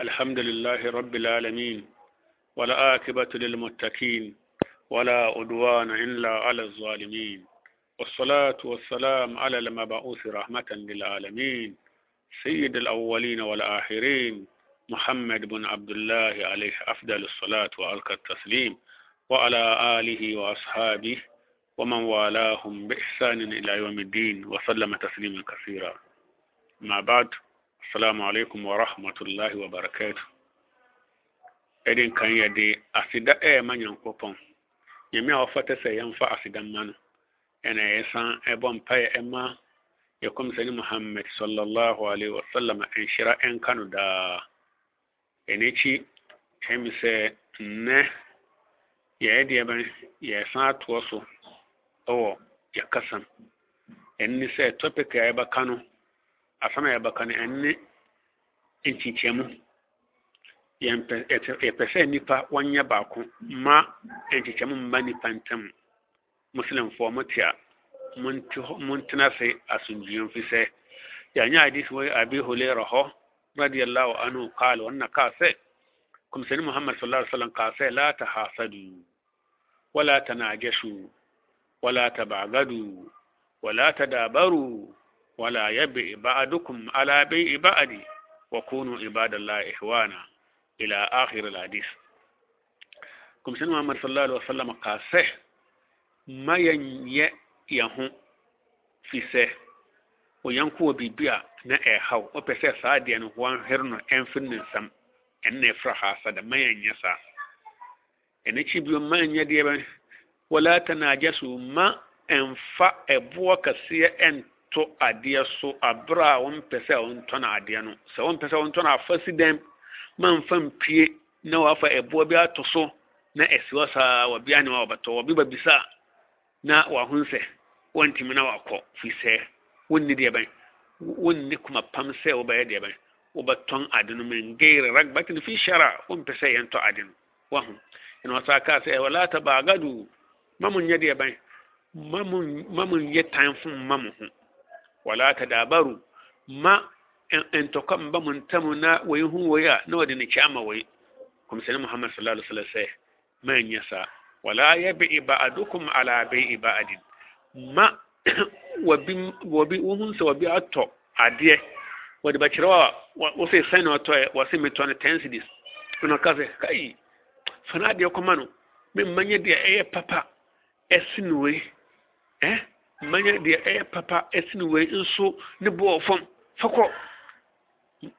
الحمد لله رب العالمين آكبة للمتكين ولا أدوان إلا على الظالمين والصلاة والسلام على المبعوث رحمة للعالمين سيد الأولين والآخرين محمد بن عبد الله عليه أفضل الصلاة وألقى التسليم وعلى آله وأصحابه ومن والاهم بإحسان إلى يوم الدين وسلم تسليما كثيرا ما بعد Salamu alaikum wa rahmatullahi wa barakatu Edin kan de asida eye ma nyankopɔn nyame a wɔfata sɛ fa asida mma no ɛna yɛsan ɛbɔ mpaeɛ ɛma yɛkɔm sɛ ni muhammad sallallahu alaihi wasallam ɛnhyira ɛnka no daa ɛnakyi ɛmi sɛ nnɛ yɛyɛ deɛ bɛn yɛsan atoɔ so ɛwɔ yɛkasam ɛnne sɛ topic a yɛbɛka no ya afam a ɛbɛka ya ɛne nkyekyɛmu yɛpɛ sɛ nnipa wanya baako ma nkyekyɛmu mma nnipa ntam muslimfoɔ mote a montena se asomdwuam fi ya yɛanyɛ hadis wɔ abi hulaira hɔ radiallahu anhu kal ka sai. sɛ kumsani muhammad sallallahu alaihi wasallam kaa sɛ la tahasadu wala tanajashu wala tabagadu wala tadabaru wala yabi ba'dukum ala bai'i ba'di wa kunu ibadallahi ihwana ila akhir alhadith kum sin muhammad sallallahu alaihi wasallam qase mayanye yahu fise o yanku bibia na ɛhaw wopɛ sɛ saa deɛ no wanhwere no ɛmfiri ne nsam ɛno na ɛfra ha sa da mayɛnyɛ saa ɛno akyi bio manyɛ deɛ bɛ wala tanagyasu ma ɛmfa ɛboɔ e kɛseɛ ɛnt to adeɛ so abere a wɔmpɛ sɛ wɔntɔn adeɛ no sɛ wɔmpɛ sɛ wɔntɔn afa si dɛm mamfa mpie na wafa ɛboɔ bi ato so na ɛsi hɔ saa wɔ bia ne wa wɔ bi ba na waho sɛ wɔntumi na wakɔ firi sɛ wonni deɛ bɛn wonni kuma pam sɛ wobɛyɛ deɛ bɛn wobɛtɔn ade no men geire ragbatin fi shara wɔmpɛ sɛ yɛntɔ ade no waho ɛna wɔsaa kaa sɛ ɛwɔ laata baagado ma mo nyɛ deɛ bɛn ma mo nyɛ tan fo mma mo ho wala tadabaru ma en tokam ba mun tamuna wayi hu waya na wadi ni chama wayi kuma sanin muhammad sallallahu alaihi wasallam sai man yasa wala yabi ba'dukum ala bai'i ba'din ma wabi wabi uhun sa wabi atto adie wadi bakirawa wose sanin wato wase metone tensities una kaze kai fana dia kuma no min dia papa esinu eh manyɛ deɛ ɛyɛ papa ɛsene wei nso ne boɔ fam fakɔ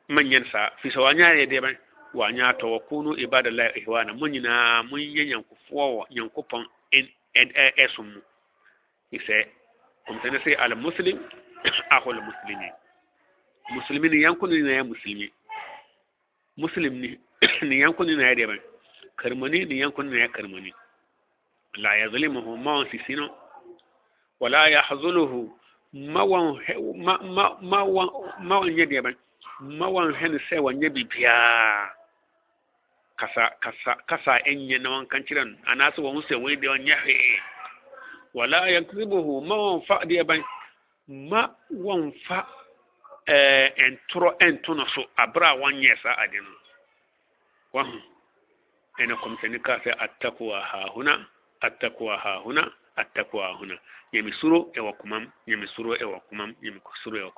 manyan saa fi sɛ wanyɛ ayɛ deɛ bɛn wanyɛ atɔ wɔ kunu ibadallah ihwana mo nyinaa monyɛ nyankofoɔ wɔ nyankopɔn ɛsom mu fi sɛ ɔmtɛne sɛ al muslim ahol muslimi muslimi ne yanko ne nyinaa muslimi muslim ne ne yanko ne nyinaa deɛ bɛn karmani ne yanko ne nyinaa karmani la yazlimuhu ma ɔnsisi no wala ya hazuluhu mawan mawan ne deɛ mawan hɛn sɛ wanyɛ biribiaa kasa kasa kasa ɛnyɛ na wanka kyerɛ no anaasɛ wɔn sɛ wɔn deɛ ɔnyɛ hwee wala ya kiribuhu mawan fa deɛ ban ma wɔn fa ɛɛ ntorɔ ɛnto no so abere a wɔnyɛ saa ade no wɔn ho ɛna kɔmsɛni kaa sɛ atakowa haahuna atakowa haahuna. attaqwa huna nyame suro ɛwɔ komam nyame suro ɛwɔ komam nyame suro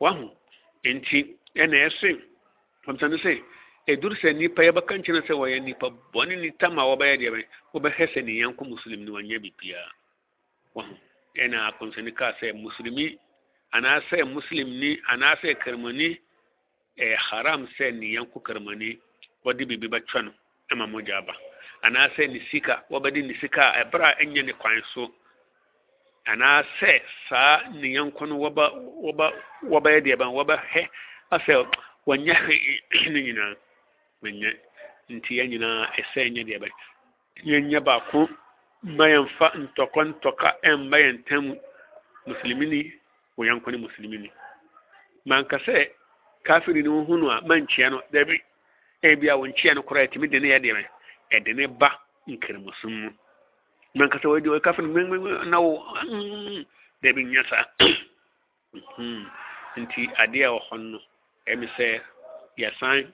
wahu nti ɛna ɛse ɔmsa no sɛ ɛduru sɛ nipa yɛbɛka nkyɛn sɛ wɔyɛ nipa bɔne ne tam a wɔbɛyɛ deɛ bɛn wɔbɛhɛ muslim ne wɔnyɛ biribiara wahu ɛna akɔnsani kaa sɛ musulmi anaasɛ muslimni anaasɛ karamani ɛyɛ e haram sɛ ne yɛnko karamani wɔde anaasɛ ne sika wɔbɛde ne sika a ɛberɛ a ɛnyɛ ne kwan so anaasɛ saa ne yɛnko no wɔbɛyɛ deɛ ban wɔbɛhɛ asɛ wɔnyɛ hwee ne nyinaa menyɛ nti yɛn nyinaa ɛsɛ ɛnyɛ deɛ bɛn yɛnyɛ baako mma yɛmfa ntɔkɔ ntɔka ɛmma yɛn ntam musulmi ni wo ne musulmi ni manka sɛ kafiri ne ho no a mankyia no dabi ebi a wɔnkyia no koraa ɛtumi de ne yɛ deɛ ban. ɛde ne ba nkirimusom mu na nkasa wɔadi wɔka fo no na wo daabi nyɛ saa nti adeɛ a wɔhɔ no ɛme sɛ yɛsan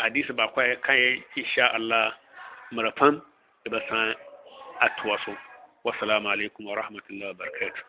hadis baako a yɛka yɛ insha allah mmerɛ pam yɛbɛsan atoa so wasalamu alaikum warahmatullahi wabarakatuh